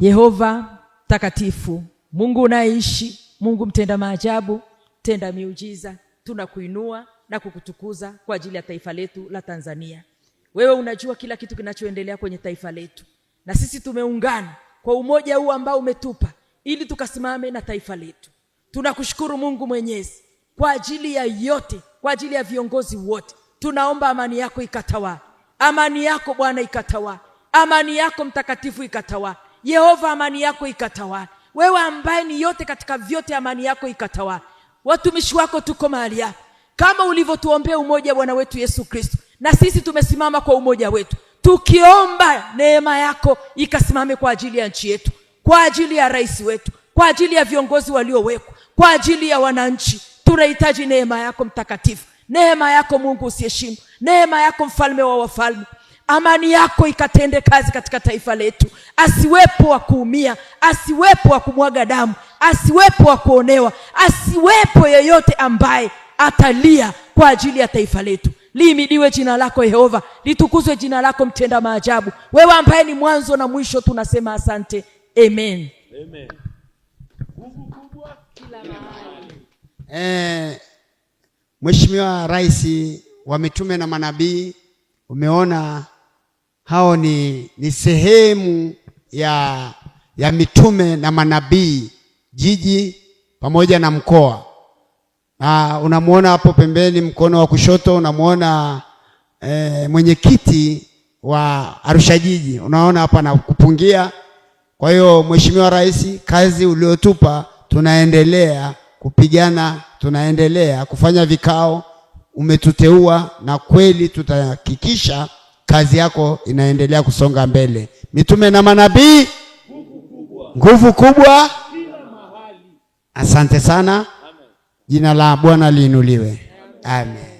Yehova takatifu, Mungu unaishi, Mungu mtenda maajabu, tenda miujiza, tunakuinua na kukutukuza kwa ajili ya taifa letu la Tanzania. Wewe unajua kila kitu kinachoendelea kwenye taifa letu, na sisi tumeungana kwa umoja huu ambao umetupa ili tukasimame na taifa letu. Tunakushukuru Mungu Mwenyezi kwa ajili ya yote, kwa ajili ya viongozi wote. Tunaomba amani yako ikatawa, amani yako Bwana ikatawa amani yako Mtakatifu ikatawa Yehova, amani yako ikatawala Wewe ambaye ni yote katika vyote, amani yako ikatawala Watumishi wako tuko mahali hapa, kama ulivyotuombea umoja, Bwana wetu Yesu Kristo, na sisi tumesimama kwa umoja wetu tukiomba neema yako ikasimame kwa ajili ya nchi yetu, kwa ajili ya rais wetu, kwa ajili ya viongozi waliowekwa, kwa ajili ya wananchi. Tunahitaji neema yako mtakatifu, neema yako Mungu usiyeshindwa, neema yako mfalme wa wafalme. Amani yako ikatende kazi katika taifa letu asiwepo wa kuumia, asiwepo wa kumwaga damu, asiwepo wa kuonewa, asiwepo yeyote ambaye atalia kwa ajili ya taifa letu. Liimidiwe jina lako Yehova, litukuzwe jina lako mtenda maajabu, wewe ambaye ni mwanzo na mwisho. Tunasema asante, amen, amen. Eh, Mheshimiwa Rais wa mitume na manabii, umeona hao ni, ni sehemu ya, ya mitume na manabii jiji pamoja na mkoa. Na unamwona hapo pembeni mkono wa kushoto unamwona e, eh, mwenyekiti wa Arusha jiji, unaona hapa na kupungia. Kwa hiyo Mheshimiwa Rais, kazi uliotupa tunaendelea kupigana, tunaendelea kufanya vikao, umetuteua na kweli tutahakikisha kazi yako inaendelea kusonga mbele mitume na manabii, nguvu kubwa. Asante sana. Amen. Jina la Bwana liinuliwe. Amen. Amen.